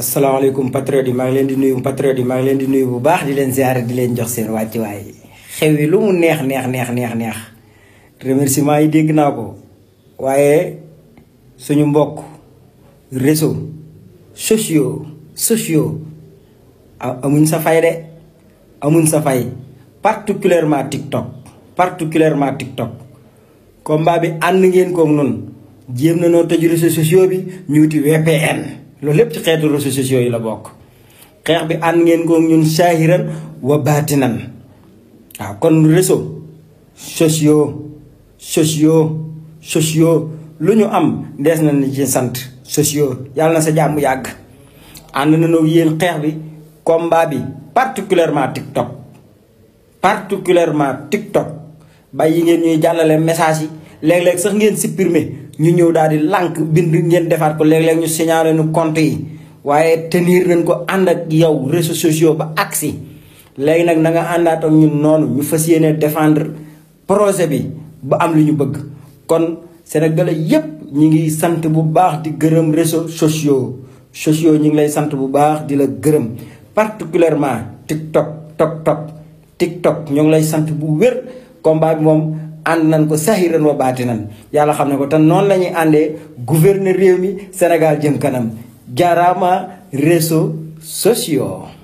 asalaamaaleykum patriote yi maa ngi leen di nuyu patriote yi maa ngi leen di nuyu bu baax di leen ziare di leen jox seen wàccuwaay xew yi lu mu neex neex neex neex neex remerciement yi dégg naa ko waaye suñu mbokk réseau sociaux sociaux amuñ sa fay de amuñ sa fay particulièrement TikTok particulièrement TikTok combat bi ànd ngeen koog noonu jéem na noo tëj réseau sociaux bi ñu wuti loolu lépp ci xeetu réseaux sociaux yi la bokk xeex bi ànd ngeen ko ñun saahiran wa baatinan waaw kon réseaux sociaux sociaux sociaux lu ñu am dees na ni ci sant sociaux yàlla na sa jàmm yàgg ànd nañoo yéen xeex bi combat bi particulièrement TikTok particulièrement TikTok yi ngeen ñuy jàllale message yi léeg-léeg sax ngeen supprimer ñu ñëw daal di lànk bind ngeen defaat ko léeg-léeg ñu signalé nu compte yi waaye tenir nañ ko ànd ak yow réseaux sociaux ba aksi léegi nag na nga àndaat ak ñun noonu ñu fas yéene défendre projet bi ba am lu ñu bëgg kon sénégalais yëpp ñi ngi sant bu baax di gërëm réseaux sociaux sociaux ñi ngi lay sant bu baax di la gërëm particulièrement tiktok tok tok tiktok ñoo ngi lay sant bu wér combat bi moom ànd nañ ko sahiran wa baatinan yàlla xam ne ko tan noon la ñuy àndee gouverner réew mi Sénégal jëm kanam jaaraama réseaux sociaux